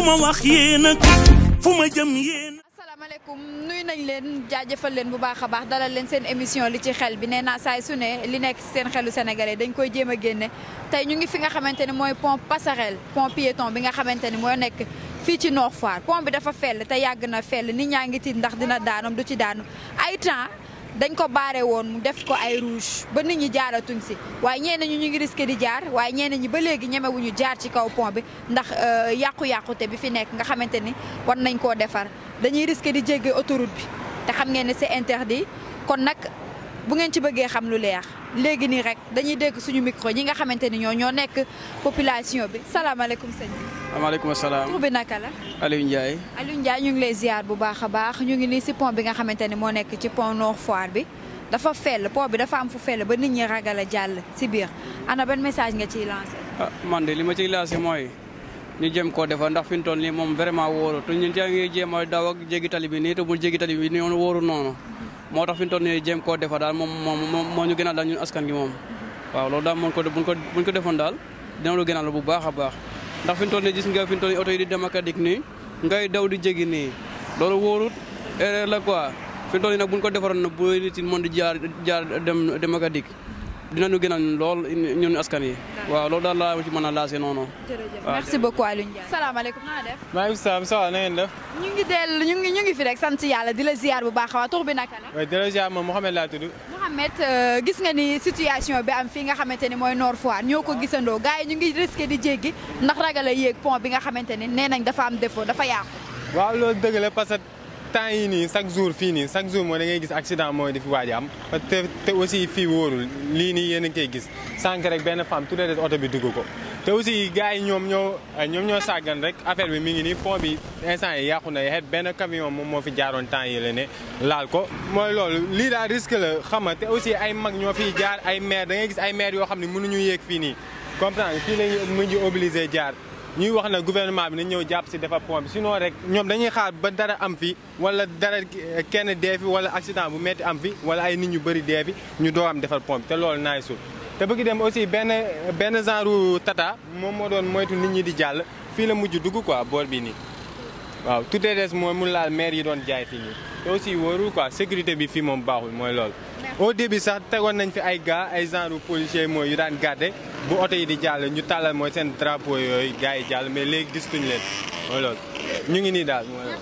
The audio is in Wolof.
lu ma wax yéen a fu ma jëm yéen asalaamaaleykum nuyu nañ leen jaajëfal leen bu baax a baax dalal leen seen émission li ci xel bi nee naa saay su ne li nekk seen xelu sénégalais dañ koy jéem a génne tey ñu ngi fi nga xamante ne mooy pont passerelle pont piéton bi nga xamante ni moo nekk fii ci Nord Foire pont bi dafa fell te yàgg na fel nit ñaa ngi tiit ndax dina daanam du ci daanu ay temps dañ ko baare woon mu def ko ay rouge ba nit ñi jaaratuñ si waaye ñenn ñi ñu ngi risqué di jaar waaye ñenn ñi ba léegi ñemewuñu jaar ci kaw pont bi ndax euh, yàqu-yàqute bi fi nekk nga xamante ni war nañ koo defar dañuy risqué di jéggi autoroute bi te xam ngeen ne c'est interdit kon nag bu ngeen ci bëggee xam lu leex léegi nii rek dañuy dekk suñu micro ñi nga xamante ni ñoo ñoo nekk population bi salaamaaleykum sëñ bi. waaleykum salaam tur bi naka la. Aliou Ndiaye. Aliou Ndiaye ñu ngi lay ziar bu baax a baax ñu ngi nii si pon bi nga xamante ni moo nekk ci pon Nord Foire bi dafa fell po bi dafa am fu fell ba nit ñi ragal a jàll si biir ana ban message nga ciy lancé. ah man de li ma ciy lancé mooy ñu jëm koo defar ndax fi mu toll nii moom vraiment wóoru te ñun yaa a daw ak bi nii te bu noonu wóoru noonu. moo tax fi ñu toll nii defar daal moom moom moo ñu gënal daal ñun askan gi moom waaw loolu daal moom ko buñ ko ko defoon daal dina lu la bu baax a baax ndax fi ñu toll nii nga fi ñu toll oto yi di dem ak a dikk nii ngay daw di jéggi nii loolu wóorut erreur la quoi fi nag bu ñu ko defaroon na bu nit yi mën di jaar jaar dem dem a dikk dinañu gënal lool ñun askan yi waaw loolu daal laa ci mën a laasé noonu. jërëjëf merci beaucoup Aliou Ndiaye. salaamaaleykum na nga def. maaleykum salaam ça va na ngeen def. ñu ngi dellu ñu ngi ñu ngi fi rek sant yàlla di la ziar bu baax a tur bi naka la. waaye di la laa tudd. Euh, gis nga ni situation bi am fii nga xamante ni mooy noor Foire ñoo ko gisandoo gars yi ñu ngi risqué di jéggi ndax ragal a yéeg pont bi nga xamante ni nee nañ dafa am défaut dafa yàqu. waaw loolu dëgg la temps yi nii chaque jour fii nii chaque jour moo da ngay gis accident mooy di fi waaj te aussi fi wóorul lii nii yéen a ngi koy gis sànq rek benn femme tout de oto bi dugg ko te aussi gars yi ñoom ñoo ñoom ñoo sàggan rek affaire bi mi ngi nii pont bi instant yi yàqu na xeet benn camion moom moo fi jaaroon temps yi la ne laal ko mooy loolu lii daal risque la xama te aussi ay mag ñoo fiy jaar ay maire da ngay gis ay maire yoo xam ne mënuñu yéeg fii nii comprendre fii la ñu mujj obligé jaar ñuy wax na guvernement bi nañ ñëw jàpp si defar pont bi sinon rek ñoom dañuy xaar ba dara am fi wala dara kenn dee fi wala accident bu metti am fi wala ay nit ñu bëri dee fi ñu doo am defar pont bi te loolu naay sul te bëgg dem aussi benn benn genre tata moom moo doon moytu nit ñi di jàll fii la mujj dugg quoi boor bi nii waaw tout des mooy mu laal maire yi doon jaay fii nii te aussi wóorul quoi sécurité bi fii moom baaxul mooy loolu au début sax tegoon nañ fi ay gas ay genre policiers mooy yu daan garder bu oto yi di jàll ñu tàllal mooy seen drapeau yooyu gars yi jàll mais léegi gis tuñ leen mooy loolu ñu ngi nii daal